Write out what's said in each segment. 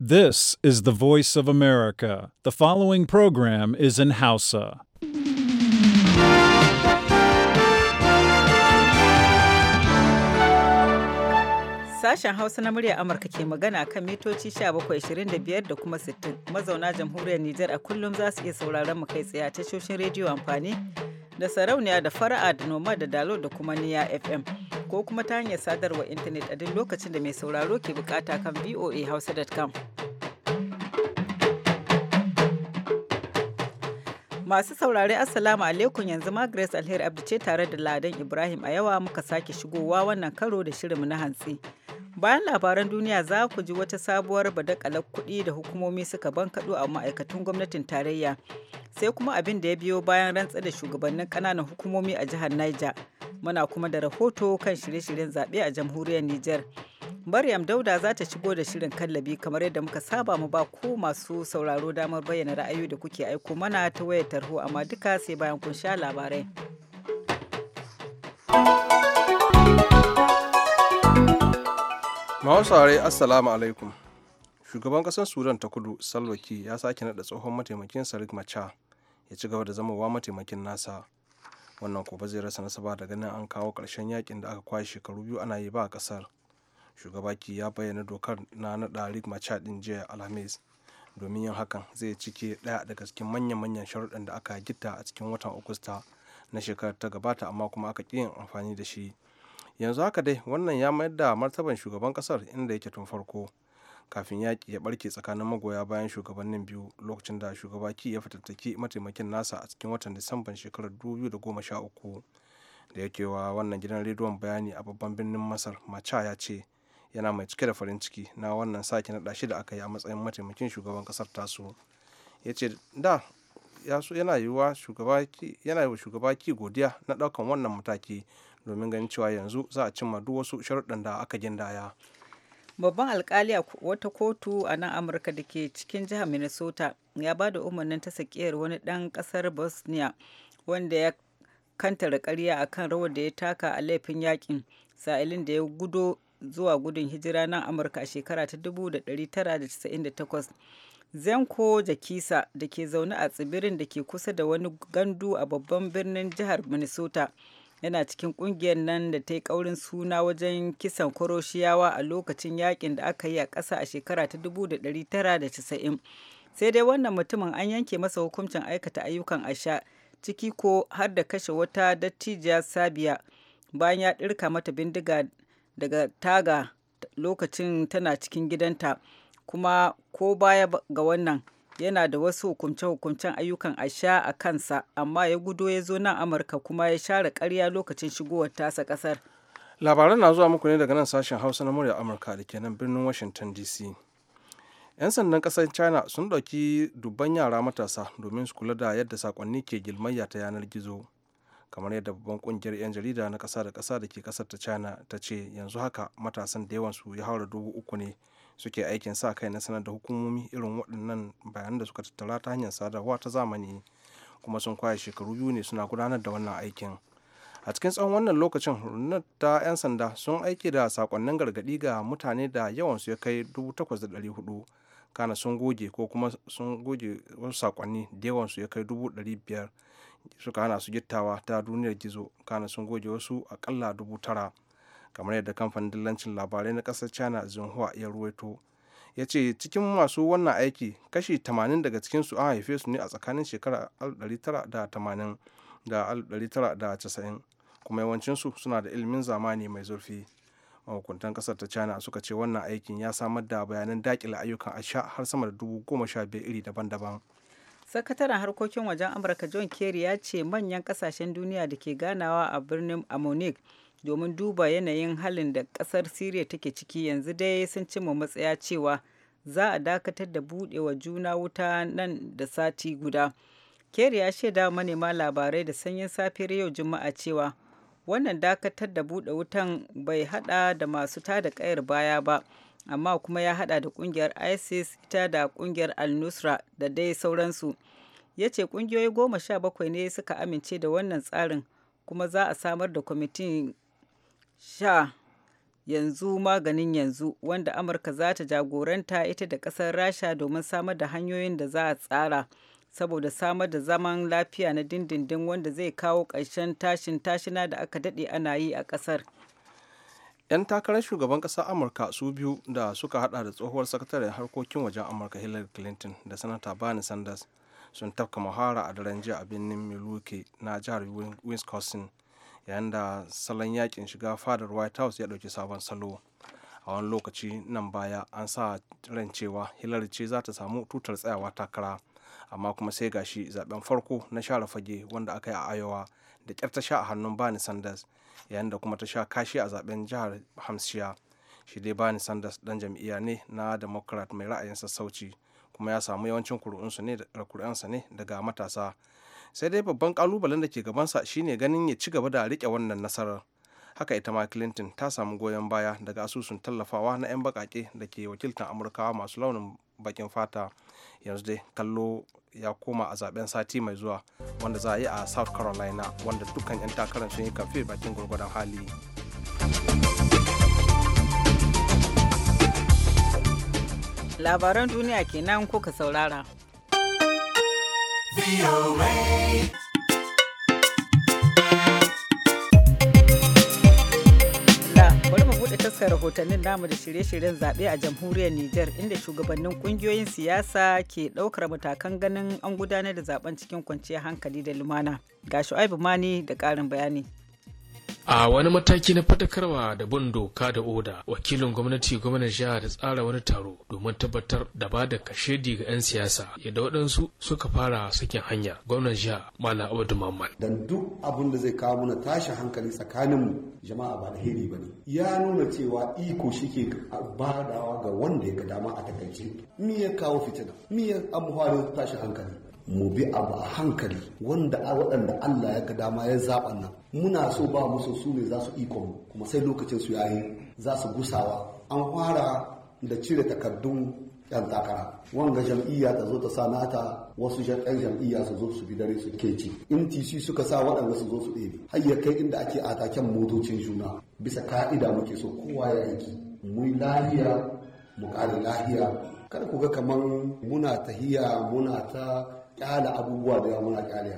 This is the voice of America. The following program is in Hausa. Sashen Hausa na murya Amurka ke magana kan mitoci 1725 da kuma 60 mazauna jamhuriyar Nijar a kullum za su iya sauraron mu kai tsaye a tashoshin rediyo amfani da sarauniya da fara'a da noma da dalo da kuma niya FM. ko kuma ta hanyar sadarwa intanet a duk lokacin da mai sauraro ke bukata kan VOA Hausa.com. Masu saurare Assalamu alaikum yanzu ma Grace Alheri Abdu ce tare da Ladan Ibrahim a yawa muka sake shigowa wannan karo da shirinmu na hantsi. Bayan labaran duniya za ku ji wata sabuwar badakalar kuɗi da hukumomi suka bankaɗo a ma'aikatun gwamnatin tarayya. Sai kuma abin da ya biyo bayan rantsar da shugabannin ƙananan hukumomi a jihar Niger. Muna kuma da rahoto kan shirye-shiryen zaɓe a jamhuriyar Nijar. Maryam Dauda za ta shigo da shirin kallabi kamar yadda muka saba mu ba ko masu sauraro damar bayyana ra'ayoyi da kuke aiko mana ta wayar tarho amma duka sai bayan kun sha labarai. Mahausare Assalamu alaikum. Shugaban ƙasar Sudan ta kudu Salwa ya sake naɗa tsohon mataimakin Sarik Macha ya ci gaba da zamowa mataimakin nasa. Wannan ko ba zai rasa nasaba da ganin an kawo karshen yakin da aka kwashe shekaru biyu ana yi ba a ƙasar. Shugaba Ki ya bayyana dokar na naɗa rik Macha ɗin jiya Alhamis domin yin hakan zai cike ɗaya daga cikin manyan-manyan sharuɗan da aka gita a cikin watan Agusta na shekarar ta gabata amma kuma aka ƙi yin amfani da shi. yanzu haka dai wannan ya mayar da martaban shugaban kasar inda yake tun farko kafin yaƙi ya barke tsakanin magoya bayan shugabannin biyu lokacin da shugaba ki ya fitattaki mataimakin nasa a cikin watan disamban shekarar 2013 da yake wa wannan gidan rediyon bayani a babban birnin masar macha ya ce yana mai cike da farin ciki na wannan sake naɗa shi da aka yi a matsayin mataimakin shugaban kasar tasu ya ce da yana yi wa shugaba ki godiya na ɗaukan wannan mataki domin ganin cewa yanzu za a cimma duk wasu sharuɗan da aka gindaya. babban alkali a wata kotu a nan amurka da ke cikin jihar minnesota ya ba da umarnin ta sakiyar wani ɗan ƙasar bosnia wanda ya kantara karya a kan rawar da ya taka a laifin yakin sa'ilin da ya gudo zuwa gudun hijira nan amurka a shekara ta 1998 zenko jakisa da ke zaune a tsibirin da ke kusa da wani gandu a babban birnin jihar minnesota yana cikin kungiyar nan da ta yi kaurin suna wajen kisan koroshiyawa a lokacin yakin da aka yi a ƙasa a shekara ta 1990 sai dai wannan mutumin an yanke masa hukuncin aikata ayyukan asha ciki ko har da kashe wata dattijiya sabiya bayan ya ɗirka mata bindiga daga taga lokacin tana cikin gidanta kuma ko baya ga wannan yana da wasu hukumce-hukumcen ayyukan asha a kansa amma ya gudo ya zo nan amurka kuma ya share karya lokacin shigowar tasa kasar labaran na zuwa muku ne daga nan sashen hausa na murya amurka da ke nan birnin washington dc 'yan sandan kasar china sun ɗauki dubban yara matasa domin su kula da yadda sakonni ke gilmayya ta yanar gizo kamar yadda babban kungiyar 'yan jarida na kasa da kasa da ke kasar ta china ta ce yanzu haka matasan da yawansu ya haura dubu uku ne suke aikin sa kai na sanar da hukumomi irin waɗannan bayanan da suka tattara ta hanyar sadarwa ta zamani kuma sun kwaya shekaru biyu ne suna gudanar da wannan aikin a cikin tsawon wannan lokacin rundunar ta 'yan sanda sun aiki da sakonnin gargaɗi ga mutane da yawansu ya kai 8,400 kana sun goge ko kuma sun goge wasu sakonni da yawansu ya kai 500 suka hana su gittawa ta duniyar gizo kana sun goge wasu akalla 9,000 kamar yadda kamfanin dillancin labarai na kasar china xinhua ya ruwaito ya ce cikin masu wannan aiki kashi 80 daga cikinsu an haife su ne a tsakanin shekara 1980 da 1990 kuma yawancinsu suna da ilimin zamani mai zurfi mahukuntan kasar ta china suka ce wannan aikin ya samar da bayanan dakila ayyukan asha har sama da dubu goma sha biyar iri daban-daban sakataren harkokin wajen amurka john kerry ya ce manyan kasashen duniya da ke ganawa a birnin amonik domin duba yanayin halin da kasar Siriya take ciki yanzu dai sun cimma matsaya cewa za a dakatar da budewa juna wuta nan da sati guda. Kerry ya shaida manema labarai da sanyin safiyar yau Juma'a cewa wannan dakatar da bude wutan bai hada da masu tada kayar baya ba amma kuma ya hada da kungiyar isis ita da kungiyar al-nusra da dai sauransu ya ce kungiyoyi goma sha bakwai ne suka amince da wannan tsarin kuma za a samar da kwamitin sha yanzu maganin yanzu wanda amurka za ta jagoranta ita da kasar rasha domin samar da hanyoyin da za a tsara saboda samar da zaman lafiya na dindindin wanda zai kawo karshen tashin tashina da aka daɗe ana yi a ƙasar 'yan takarar shugaban ƙasar amurka su biyu da suka hada da tsohuwar sakataren harkokin wajen amurka hillary clinton da sanata bani sanders sun tafka muhara a daren jiya a birnin milwaukee na jihar wisconsin yayin da salon yakin shiga fadar white house ya ɗauki sabon salo a wani lokaci nan baya an sa ran cewa hillary ce za ta samu tutar tsayawa takara amma kuma sai gashi zaben farko na share fage wanda aka yi a iowa da ƙyar ta sha a hannun bani sanders yayin da kuma ta sha kashi a zaben jihar hampshire shi dai bani sanders dan jam'iyya ne na democrat mai ra'ayin sassauci kuma ya samu yawancin kuri'unsa ne daga matasa sai dai babban kalubalen da ke gabansa shine ganin ya ci gaba da rike wannan nasarar haka ita ma clinton ta samu goyon baya daga asusun tallafawa na 'yan bakake da ke wakiltar amurkawa masu launin bakin fata yanzu dai kallo ya koma a zaben sati mai zuwa wanda za a yi a south carolina wanda dukkan 'yan takarar sun yi kafe bakin gwargwadon hali labaran duniya kenan kuka saurara taskar rahotannin namu da shirye-shiryen zaɓe a jamhuriyar Nijar inda shugabannin ƙungiyoyin siyasa ke ɗaukar matakan ganin an gudanar da zaben cikin kwanciyar hankali da lumana. Ga Shu'aibu Mani da ƙarin bayani. a wani mataki na fadakarwa da bin doka da oda wakilin gwamnati gwamnan jiha da tsara wani taro domin tabbatar da ba da kashedi ga 'yan siyasa yadda waɗansu suka fara sakin hanya gwamnan jiha mala abu mamman dan duk abin da zai kawo mana tashi hankali tsakanin jama'a ba da heri bane ya nuna cewa iko shike badawa ga wanda ya ga dama a takaice me ya kawo fitina me ya amfani tashi hankali mu bi abu a hankali wanda a waɗanda Allah ya ga dama ya zaɓa nan muna so ba musu su ne za su iko mu, kuma sai lokacin su yayi za su gusawa an fara da cire takardun yan takara wanga jam'iyya ta zo ta sa nata wasu yan jam'iyya su zo su bi dare su ke ci in tc suka sa waɗanda su zo su ɗebe har ya kai inda ake ataken motocin juna bisa ka'ida muke so kowa ya aiki mu lahiya mu ƙare lahiya kada ku ga kamar muna tahiya muna ta kyala abubuwa da yawa muna kyale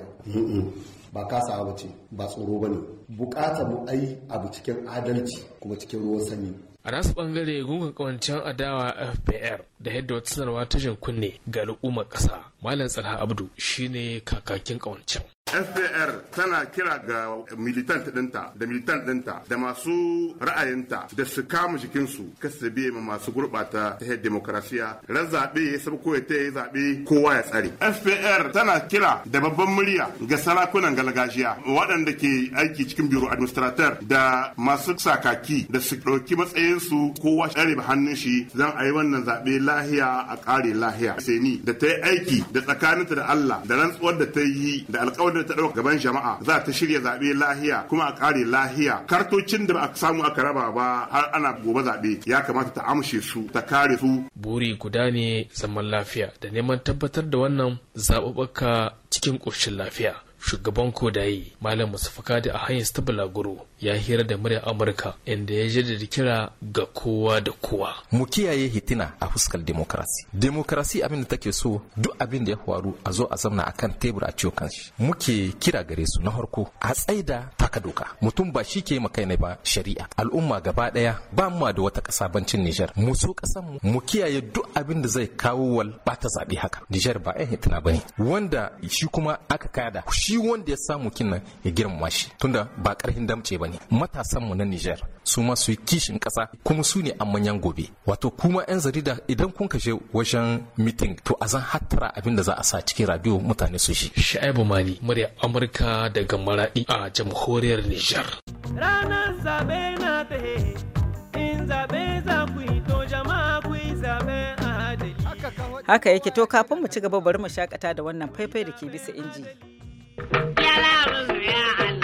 ba kasa ba ce ba tsoro ba ne Buƙata mu ai abu cikin adalci kuma cikin ruwan sanyi a nasu bangare gungun kawancen adawa fpr da yadda wata sanarwa ta jin kunne ga al'ummar kasa malam tsalha abdu shine kakakin kawancen FDR tana kira ga militant ɗinta da militant ɗinta da masu ra'ayinta da su kama jikinsu kasu biye ma masu gurɓata ta demokrasiya ran zaɓe ya sabko ya ta yi zaɓe kowa ya tsare. FPR tana kira da babban murya ga sarakunan gargajiya waɗanda ke aiki cikin biro administrator da masu sakaki da su ɗauki matsayinsu kowa ya ba hannun shi zan a yi wannan zaɓe lahiya a ƙare lahiya. Seni da ta yi aiki da tsakaninta da Allah da rantsuwar da ta yi da alƙawarin da ta ɗauka gaban jama'a za ta shirya zaɓe lahiya kuma a ƙare lahiya kartocin da ba a samu aka raba ba har ana gobe zaɓe ya kamata ta amshe su ta kare su. buri guda ne zaman lafiya da neman tabbatar da wannan zaɓuɓɓuka cikin ƙoshin lafiya. shugaban kodayi malam musufa da a hanyar ta guru ya hira da murya amurka inda ya da kira ga kowa da kowa mu kiyaye hitina a fuskar demokrasi demokrasi abin da take so duk abin da ya faru a zo a zauna a kan tebur a ciwo kanshi muke kira gare su na farko a tsaida taka doka mutum ba shi ke makai ne ba shari'a al'umma gaba daya ba mu da wata kasa bancin Nijar mu so kasan mu mu kiyaye duk abin da zai kawo wal ba ta zabe haka Nijar ba yan hitina bane wanda shi kuma aka kada shi shi wanda ya samu kinnan ya girma shi tunda ba karhin damce bane matasan mu na Niger su ma su yi kishin kasa kuma su ne manyan gobe wato kuma yan jarida idan kun kashe wajen meeting to a zan hattara abin da za a sa cikin radio mutane su shi Sha'ibu Mali murya Amurka daga Maradi a jamhuriyar Niger ranar zabe na ta in zabe za ku to jama'a ku zabe a haka yake to kafin mu ci gaba bari mu shakata da wannan faifai da ke bisa inji out, Yala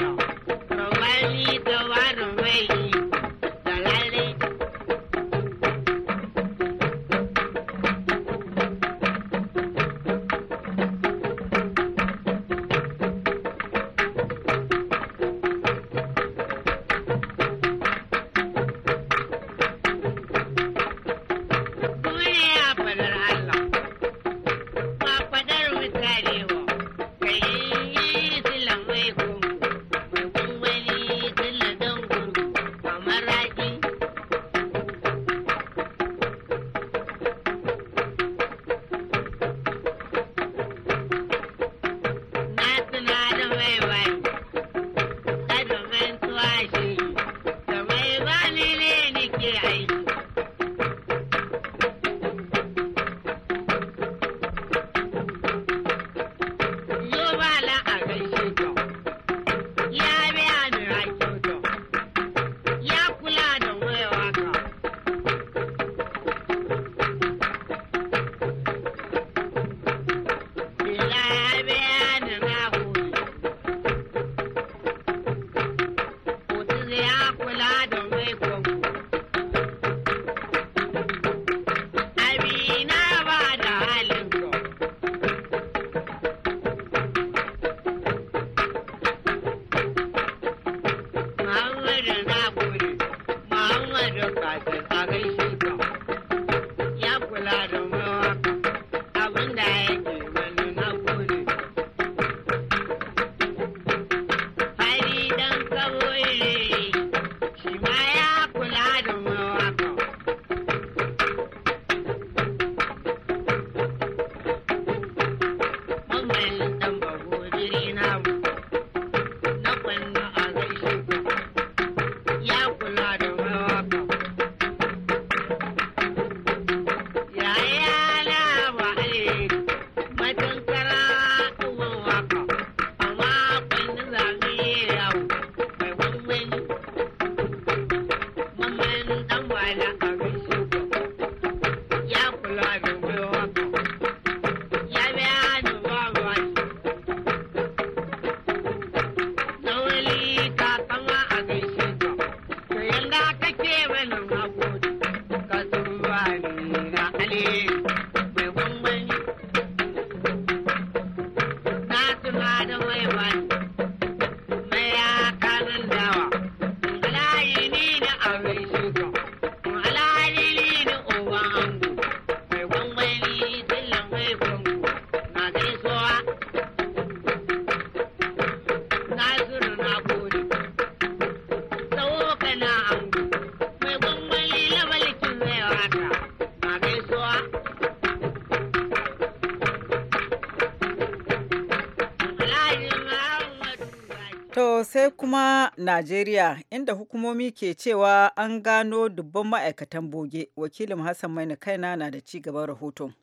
Najeriya inda hukumomi ke cewa an gano dubban ma'aikatan boge. Wakilin Hassan Maina kaina na da ci gaban rahoton.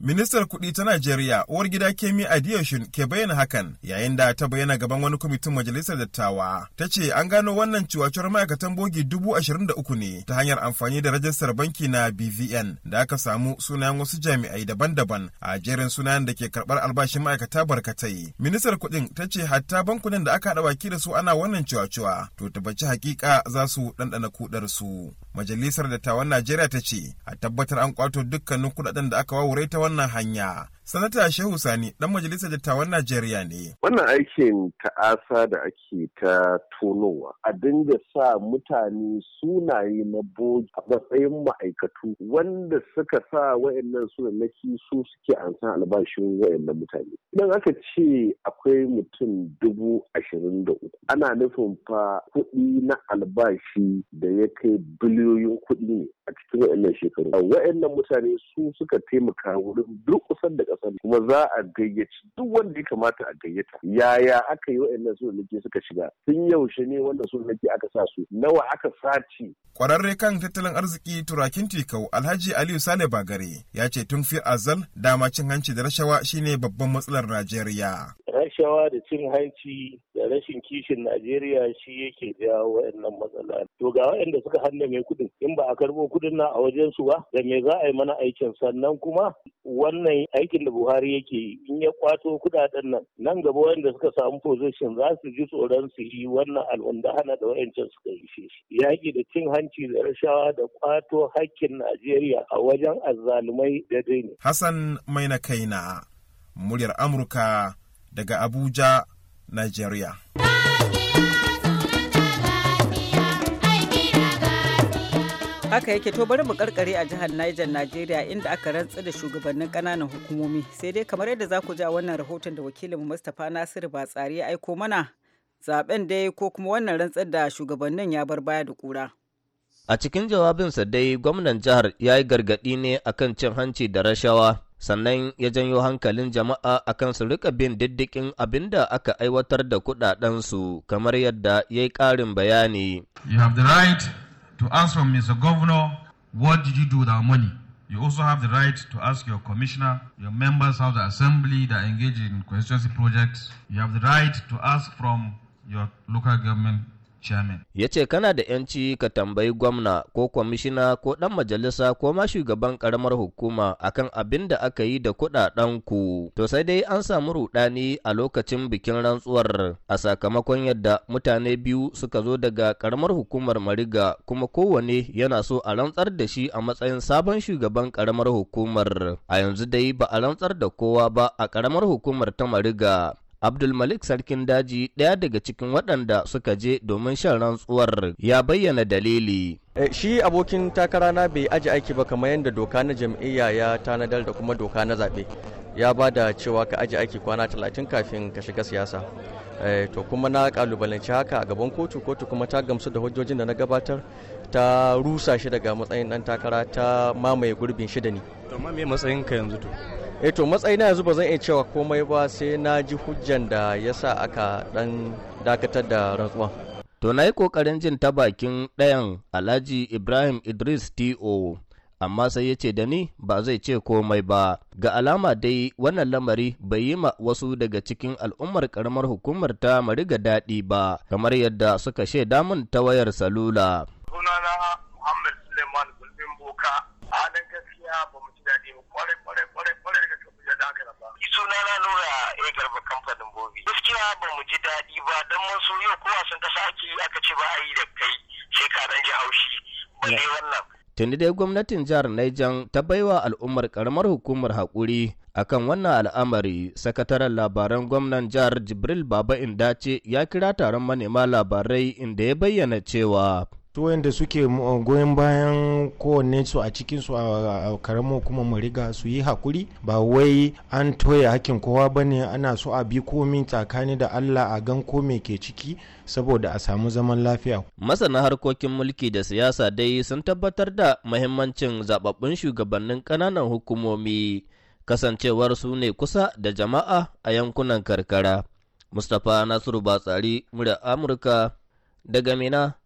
Ministar kuɗi ta Najeriya, uwar gida Kemi Adeyoshin, ke bayyana hakan yayin da ta bayyana gaban wani kwamitin majalisar dattawa. Ta ce an gano wannan ciwacuwar ma'aikatan bogi dubu ashirin da uku ne ta hanyar amfani da rajistar banki na BVN da aka samu sunayen wasu jami'ai daban-daban a jerin sunayen da ke karɓar albashin ma'aikata barkatai. Ministar kuɗin ta ce hatta bankunan da aka haɗa baki da su ana wannan ciwacuwa to tabbaci hakika za su ɗanɗana kuɗar su. Majalisar dattawan Najeriya ta ce a tabbatar an kwato dukkanin kuɗaɗen da aka wawure ta wannan hanya Sanata Shehu Sani ɗan majalisar dattawan Najeriya ne. Wannan aikin ta'asa da ake ta tonowa a dinga sa mutane sunaye na bogi a matsayin ma'aikatu wanda suka sa wayannan sunanaki su suke ansan albashin wayannan mutane. Idan aka ce akwai mutum dubu ashirin da uku ana nufin fa kuɗi na albashi da ya kai biliyoyin kuɗi ne a cikin wayannan shekaru. Wayannan mutane su suka taimaka wurin duk durƙusar da kasar kuma za a gayyaci duk wanda ya kamata a gayyata yaya aka yi wa'annan sulhulaki suka shiga tun yaushe ne wanda sulhulaki aka sa su nawa aka sace kwararre kan tattalin arziki turakin tikau alhaji aliyu sale bagare ya ce tun fi azal dama cin hanci da rashawa shine babban matsalar najeriya rashawa da cin hanci da rashin kishin Najeriya shi yake jawo wayannan matsala. To ga wayanda suka mai kudin in ba a karbo kudin na a wajen su ba da me za a yi mana aikin sannan kuma wannan aikin da Buhari yake yi in ya kwato kudaden nan nan gaba wayanda suka samu position za su ji tsoron su yi wannan alwandahana da wayancan suka yi shi. Yaki da cin hanci da rashawa da kwato hakkin Najeriya a wajen azzalumai da daini. Hassan mainakaina Kaina muryar Amurka daga Abuja, Nigeria. haka yake to bari mu karkare a jihar Niger Najeriya inda aka rantsu da shugabannin kananan hukumomi sai dai kamar yadda za ku ji a wannan rahoton da wakilinmu Mustapha Nasiru Batsari ya aiko mana zaben dai ko kuma wannan rantsar da shugabannin ya bar baya da kura. A cikin jawabinsa dai gwamnan jihar ya yi gargaɗi ne akan cin hanci da rashawa sannan ya janyo hankalin jama'a akan su rika bin diddikin abin da aka aiwatar da kudadensu kamar yadda ya yi karin bayani. You have the right to ask from Mr. Governor, what did you do with our money? You also have the right to ask your commissioner, your members of the assembly that engage in constituency projects. You have the right to ask from your local government Ya ce kana da ‘yanci ka tambayi gwamna ko kwamishina ko ɗan majalisa ko ma shugaban ƙaramar hukuma akan abin da aka yi da kuɗaɗen ku. To sai dai an samu ruɗani a lokacin bikin rantsuwar a sakamakon yadda mutane biyu suka zo daga ƙaramar hukumar Mariga kuma kowane yana so a rantsar da shi a matsayin sabon shugaban ƙaramar hukumar. A yanzu dai ba a rantsar da kowa ba a ƙaramar hukumar ta Mariga. Abdulmalik Sarkin Daji ɗaya daga cikin waɗanda suka je domin shan rantsuwar ya bayyana dalili. Eh, shi abokin takara na bai aji aiki ba kamar yadda doka na jam'iyya ya tanadar da kuma doka na zaɓe ya ba da cewa ka aji aiki kwana talatin kafin ka shiga siyasa eh, to kuma na kalubalanci haka a gaban kotu kotu kuma ta gamsu da hujjojin da na gabatar ta rusa shi daga matsayin ɗan takara ta mamaye gurbin shida ne. amma me matsayin ka yanzu to Eto, eh to matsayi na yanzu ba zan iya cewa komai ba sai na ji hujjan da ya sa aka dan dakatar da rantsuwa to na yi kokarin jin ta bakin ɗayan alhaji ibrahim idris to amma sai ya ce da ni ba zai ce komai ba ga alama dai wannan lamari bai yi ma wasu daga cikin al'ummar karamar hukumar ta mariga daɗi ba kamar yadda suka shaida mun ta wayar salula sunana muhammad suleiman gulbin boka suna na nura ya eh, garba kamfanin bobi gaskiya ba mu ji daɗi ba don mun so yau ko sun kasa ake yi aka ce ba a yi da kai shekaran ji haushi ba dai wannan tuni dai gwamnatin jihar Niger ta baiwa al'ummar karamar hukumar haƙuri akan wannan al'amari sakataren labaran gwamnan jihar jibril baba indace ya kira taron manema labarai inda ya bayyana cewa su wanda suke mm, uh, goyon bayan kowanne su a cikin su a karamo kuma mariga su yi hakuri ba wai an toya hakkin kowa ba ne ana so a bi komi tsakani da allah a gan ko ke ciki saboda a samu zaman lafiya masana harkokin mulki da siyasa dai sun tabbatar da mahimmancin zababbun shugabannin kananan hukumomi kasancewar su ne kusa da jama'a a yankunan karkara mustapha nasiru batsari murya amurka daga mina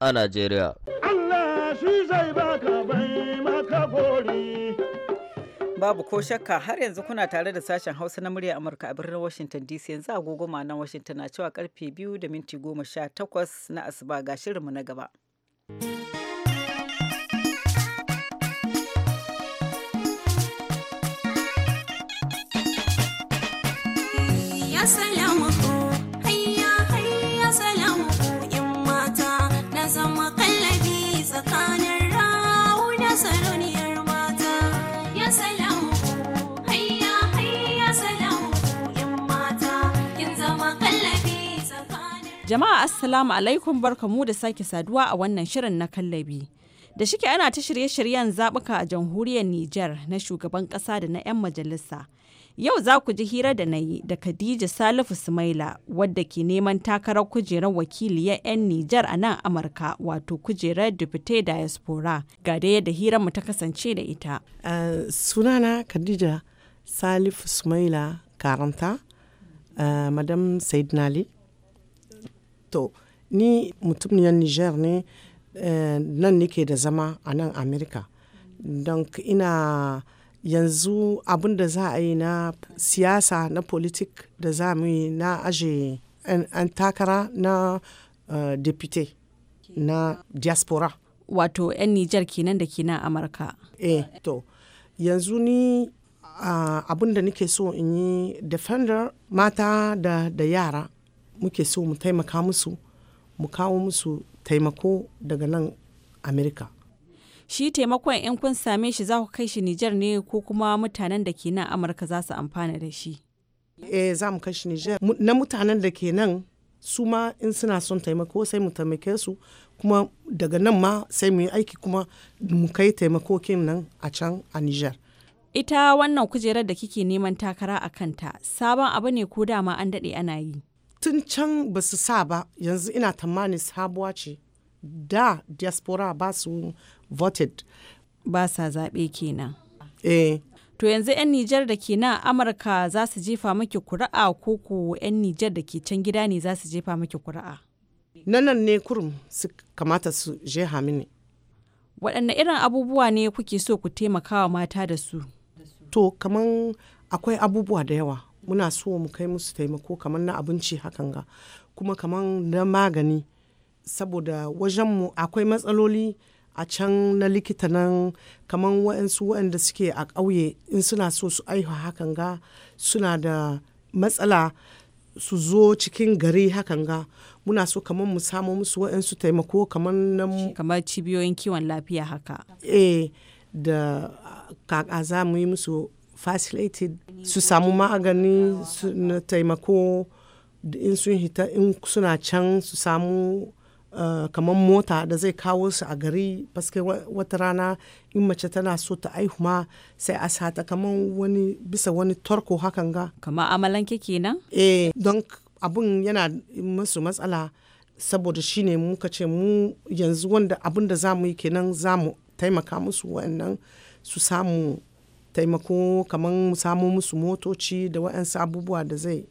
a Najeriya. Allah shi zai baka bai maka gori. Babu ko shakka har yanzu kuna tare da sashen Hausa na murya Amurka a birnin Washington DC yanzu agogo nan Washington na cewa karfe biyu da minti goma sha takwas na asuba ga shirinmu na gaba. Jama'a Assalamu alaikum barkamu da sake saduwa a wannan shirin na kallabi. Da shike ana ta shirye-shiryen zabuka a jamhuriyar Nijar na shugaban kasa da na 'yan majalisa. Yau za ku ji hira da na yi da Khadija Salifu Sumaila wadda ke neman takarar kujerar wakiliyar 'yan Nijar a nan Amurka wato kujerar Dupite Diaspora. Ga da yadda hirar mu ta kasance da ita. sunana Khadija Salifu Sumaila Karanta, Madam Said Nali. to ni ne niger ne eh, nan nake da zama a nan america don ina yanzu abin da za a yi na siyasa na politik da za mu yi na aje an takara na eh, na diaspora wato 'yan nijar kenan da ke nan amurka eh to yanzu ni ah, abin da nake so in yi defender mata da yara muke so mu taimaka musu mu kawo musu taimako daga nan amerika shi taimakon in kun same shi za ku kai shi nijar ne ko kuma mutanen da ke nan amurka za su amfana da shi eh za mu kai shi nijar na mutanen da ke nan su ma in suna son taimako sai mu taimake su kuma daga nan ma sai mu yi aiki kuma mu kai taimakokin nan a can a nijar ita wannan kujerar da kike neman takara a kanta sabon abu ne ko dama an daɗe ana yi tun can ba su sa ba yanzu ina tamani sabuwa ce da diaspora ba su voted ba sa zaɓe kenan eh to yanzu 'yan nijar da ke nan amurka za su jefa maki kuri'a ko ku 'yan nijar da ke can gida ne za su jefa maki kuri'a na nan ne kurum su kamata su je hamini waɗanne irin abubuwa ne kuke so ku taimakawa mata da su to kaman akwai abubuwa da yawa muna so mu kai musu taimako kamar na abinci hakan ga kuma kamar na magani saboda wajenmu akwai matsaloli a can na likita nan kamar waɗansu waanda suke a ƙauye in suna so su aihu hakan ga suna da matsala su zo cikin gari hakan ga muna so kamar mu samu musu waɗansu taimako kamar na kamar cibiyoyin kiwon lafiya haka eh da kaka za mu yi musu facilitated su samu magani na taimako in sun hita in suna can su samu eh, kamar mota da zai kawo su a gari paske wata rana in mace tana so ta aihu ma sai a sata kamar wani bisa wani torko hakan ga kamar amalanke kenan eh don abun yana masu matsala saboda shine muka ce mu yanzu wanda abun da za mu yi kenan za taimaka musu wannan su samu taimako kamar mu samo musu motoci da waɗansu abubuwa da zai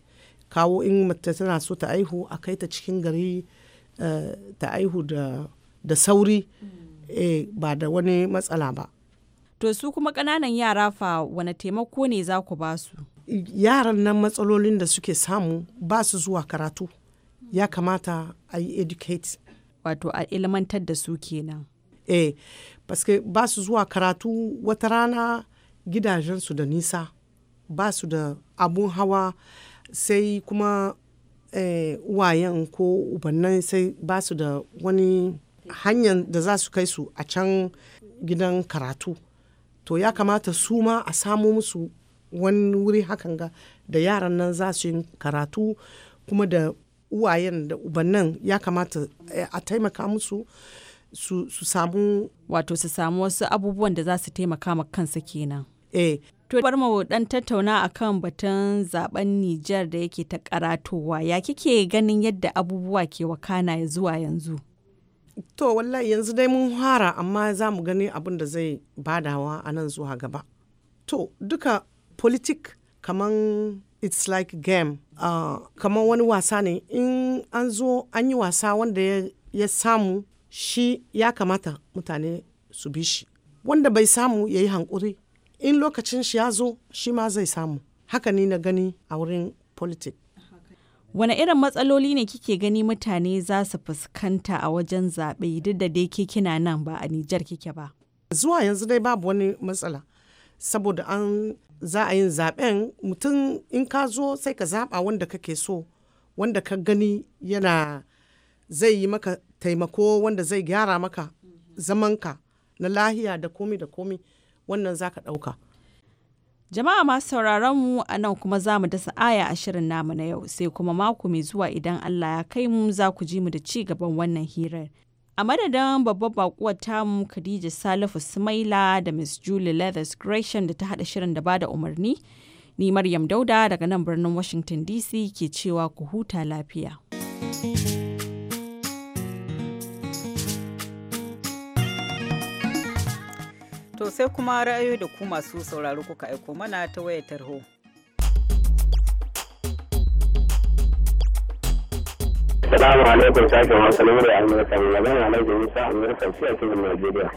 kawo in mata tana so ta aihu a kai ta cikin gari eh, ta aihu da sauri mm. eh, ba da wani matsala ba to su kuma ƙananan yara fa wani taimako ne za ku ba su yaran nan matsalolin da suke samu ba su zuwa karatu ya kamata a yi educate wato a ilmantar da su kenan eh paske ba su zuwa karatu wata rana gidajensu da nisa ba su da abun hawa sai kuma e uwayen ko ubannan sai ba su da wani hanyar da za su kai su a can gidan karatu to ya kamata su ma a samu musu wani wuri hakan ga da yaran nan za su yi karatu kuma da uwayen da ubannan ya kamata eh, a taimaka musu su samu wato su samu wasu abubuwan da za su taimaka kansa kenan eh to bar mu dan tattauna akan batun zaben Nijar da yake ta karatowa ya kike ganin yadda abubuwa ke wakana zuwa yanzu to wallahi yanzu dai mun hara amma za mu gani abin da zai badawa a nan zuwa gaba to duka politik kaman it's like game uh, kaman wani wasa ne in an zo an yi wasa wanda ya, ya samu shi ya kamata mutane su bi shi wanda bai samu ya yi hankuri in lokacin shi ya zo shi ma zai samu haka ni na gani a wurin politik wani irin matsaloli ne kike gani mutane za su fuskanta a wajen zaɓe duk da dai ke kina nan ba a Nijar kike ba? Zuwa yanzu dai babu wani matsala, saboda an za a yin zaɓen mutum in ka zo sai ka zaɓa wanda kake so, wanda ka gani yana zai yi maka taimako wanda zai gyara maka zamanka na lahiya da komi da komi. wannan za ka ɗauka. Jama'a masu sauraron mu a nan kuma za mu dasa aya a shirin namu na yau sai kuma mako mai zuwa idan Allah ya kai mu za ku ji mu da ci gaban wannan hirar. A madadin babbar bakuwar tamu Khadija Salifu Sumaila da Miss Julie Leathers Gresham da ta haɗa shirin da ba da umarni, ni Maryam Dauda daga nan birnin Washington DC ke cewa ku huta lafiya. To sai kuma ra'ayoyi da ku masu sauraro kuka aiko mana ta wayar tarho. Salamu alaikum sashen wasu lamarin Amurka mai magana alaikum Musa Amurka a cikin Najeriya.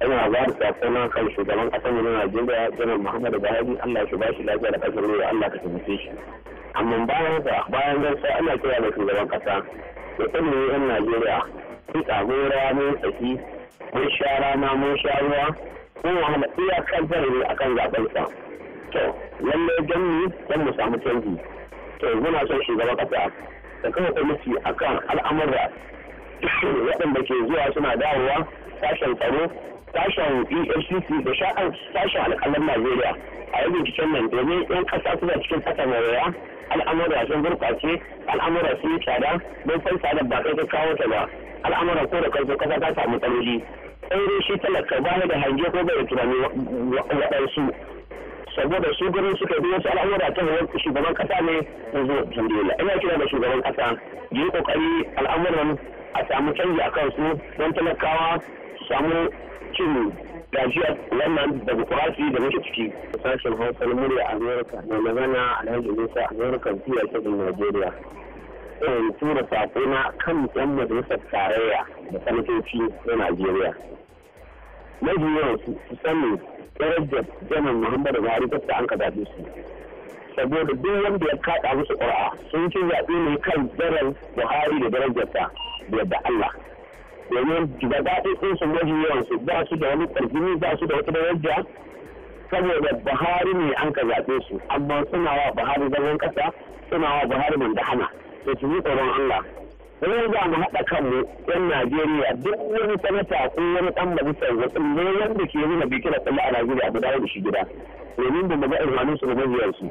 Ina ba da na kan shugaban ƙasar mu na Najeriya Janar Muhammadu Buhari Allah shi ba shi lafiya da kasar mu Allah ka tafi shi. Amma bayan sa bayan gaisa ana kira da shugaban kasa. Da sani yan Najeriya. Mun tsago rana mun saki mun sha rana mun sha ruwa kowane iyakantar ne akan zaɓensa to lallai don mu don mu samu canji to muna son shugaban kasa da kawo kwamiti akan al'amura waɗanda ke zuwa suna dawowa sashen tsaro sashen efcc da sha'an sashen alƙalar najeriya a yi binciken nan domin yan ƙasa suna cikin ƙasa mawaya al'amura sun gurɓace al'amura sun yi tsada don fansa da ba kai ka kawo ta ba al'amura ko da kansu ƙasa ta samu tsaloli aure shi talaka ba da hange ko bai tunani waɗansu saboda su gurin suka bi wasu al'amura ta hanyar shugaban kasa ne yanzu alhamdulillah ina kira da shugaban kasa yi kokari al'amuran a samu canji a kansu don talakawa su samu cin gajiyar wannan da bukurasi da muke ciki. Sashen Hausa na Murya Amerika mai magana Alhaji Musa amurka Fiya Kebbi Najeriya. tura eh, sako na kan yan majalisar tarayya da sanatoci na najeriya mafi yawan su sani darajar janar muhammadu buhari ta an ka zaɓe su saboda duk wanda ya kaɗa musu ƙura'a sun ci zaɓe ne kan daren buhari da darajarsa da yadda allah domin gaba sun su mafi yawan su ba su da wani ƙarfini ba su da wata darajar saboda buhari ne an ka zaɓe su amma suna wa buhari zaman ƙasa suna wa buhari man da hana da su yi Allah. Wani za mu haɗa kanmu 'yan Najeriya duk wani sanata ko wani ɗan majalisar wasu ne wanda ke nuna bai kira tsalle a Najeriya guda da shi gida. Domin ba mu ga irmanin su da maziyarsu.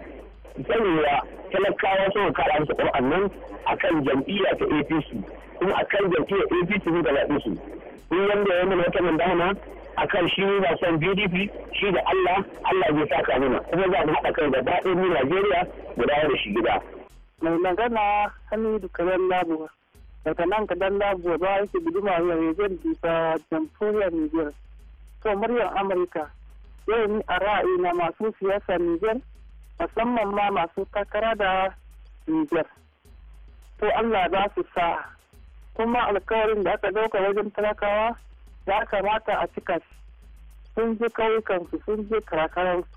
Sanewa talakawa sun kada musu ƙwar'an nan a kan jam'iyya ta APC kuma a kan jam'iyyar APC sun da zaɓe su. Kun wanda ya mana wata mandana a kan shi ne ba son PDP shi da Allah Allah zai saka mana kuma za mu haɗa kai da daɗin Najeriya guda da shi gida. mai magana hamidu kadan labuwa daga nan dan labuwa ba yake guduma ya rejen bisa jamhuriyar niger to muryar amurka yau ni a ra'ayi na masu siyasa niger musamman ma masu takara da niger to allah ba su sa kuma alkawarin da aka ɗauka wajen talakawa ya kamata a cika shi sun ji kauyukansu sun ji karakaransu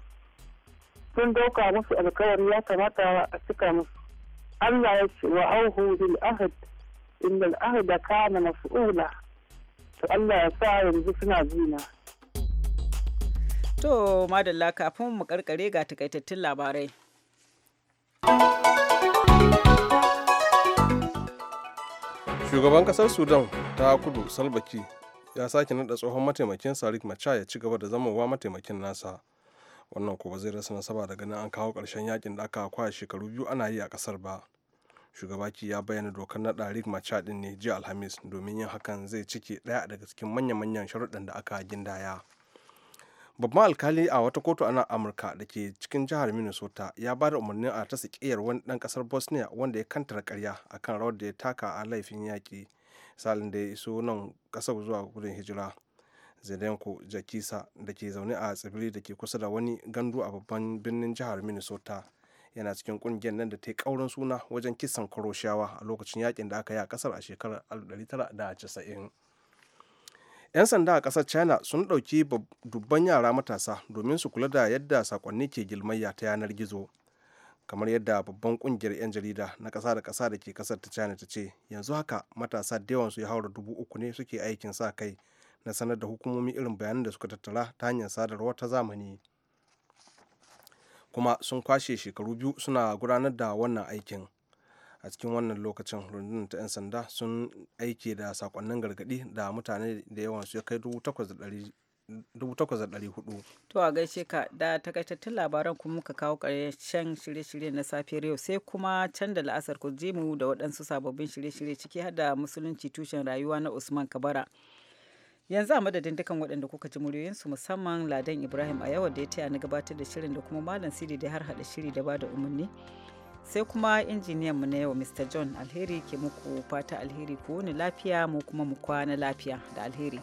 sun dauka musu alkawari ya kamata a cika musu Allah ya ce wa auhu bil ahad inda al'ahad da kana mas'ula to Allah ya sa yanzu suna zina. To madalla kafin mu karkare ga takaitattun labarai. Shugaban kasar Sudan ta kudu Salbaki ya sake nada tsohon mataimakin Sarik Macha ya ci gaba da zamowa mataimakin nasa. wannan kuwa zai rasa nasaba da ganin an kawo ƙarshen yakin da aka kwashe shekaru biyu ana yi a kasar ba shugaba ya bayyana dokar na rick machar ɗin ne jiya alhamis domin yin hakan zai cike ɗaya daga cikin manya-manyan sharuɗan da aka gindaya babban alkali a wata kotu a nan amurka da ke cikin jihar minnesota ya ba da umarnin a ta sikiyar wani dan kasar bosnia wanda ya kantar karya akan rawar da ya taka a laifin yaƙi salin da ya iso nan ƙasar zuwa gudun hijira zelenko jakisa da ke zaune a tsibiri da ke kusa da wani gandu a babban birnin jihar minnesota yana cikin kungiyar nan da ta yi kauran suna wajen kisan kuroshawa a lokacin yakin da aka yi a kasar a shekarar 1990 'yan sanda a kasar china sun ɗauki dubban yara matasa domin su kula da yadda sakonni ke gilmayya ta yanar gizo kamar yadda babban kungiyar 'yan jarida na ƙasa da ƙasa da ke ƙasar ta china ta ce yanzu haka matasa da yawan su ya haura dubu uku ne suke aikin sa kai na sanar da hukumomi irin bayanan da suka tattara ta hanyar sadarwa ta zamani kuma sun kwashe shekaru biyu suna gudanar da wannan aikin a cikin wannan lokacin rundunar ta 'yan sanda sun aike da sakonnin gargadi da mutane da yawan su ya kai 8,400 to a gaishe ka da takaitattun labaran kuma muka kawo ƙarshen shirye-shirye na safiyar yau sai kuma can da la'asar ku mu da waɗansu sababbin shirye-shirye ciki har da musulunci tushen rayuwa na usman kabara yanzu a madadin dukan waɗanda kuka ji muryoyinsu musamman ladan ibrahim a yawa da ya taya na gabatar da shirin da kuma malam sidi da har hada shiri da bada umarni sai kuma injiniyan mu na yau mr john alheri ke muku fata alheri ku wani lafiya mu kuma mu kwana lafiya da alheri.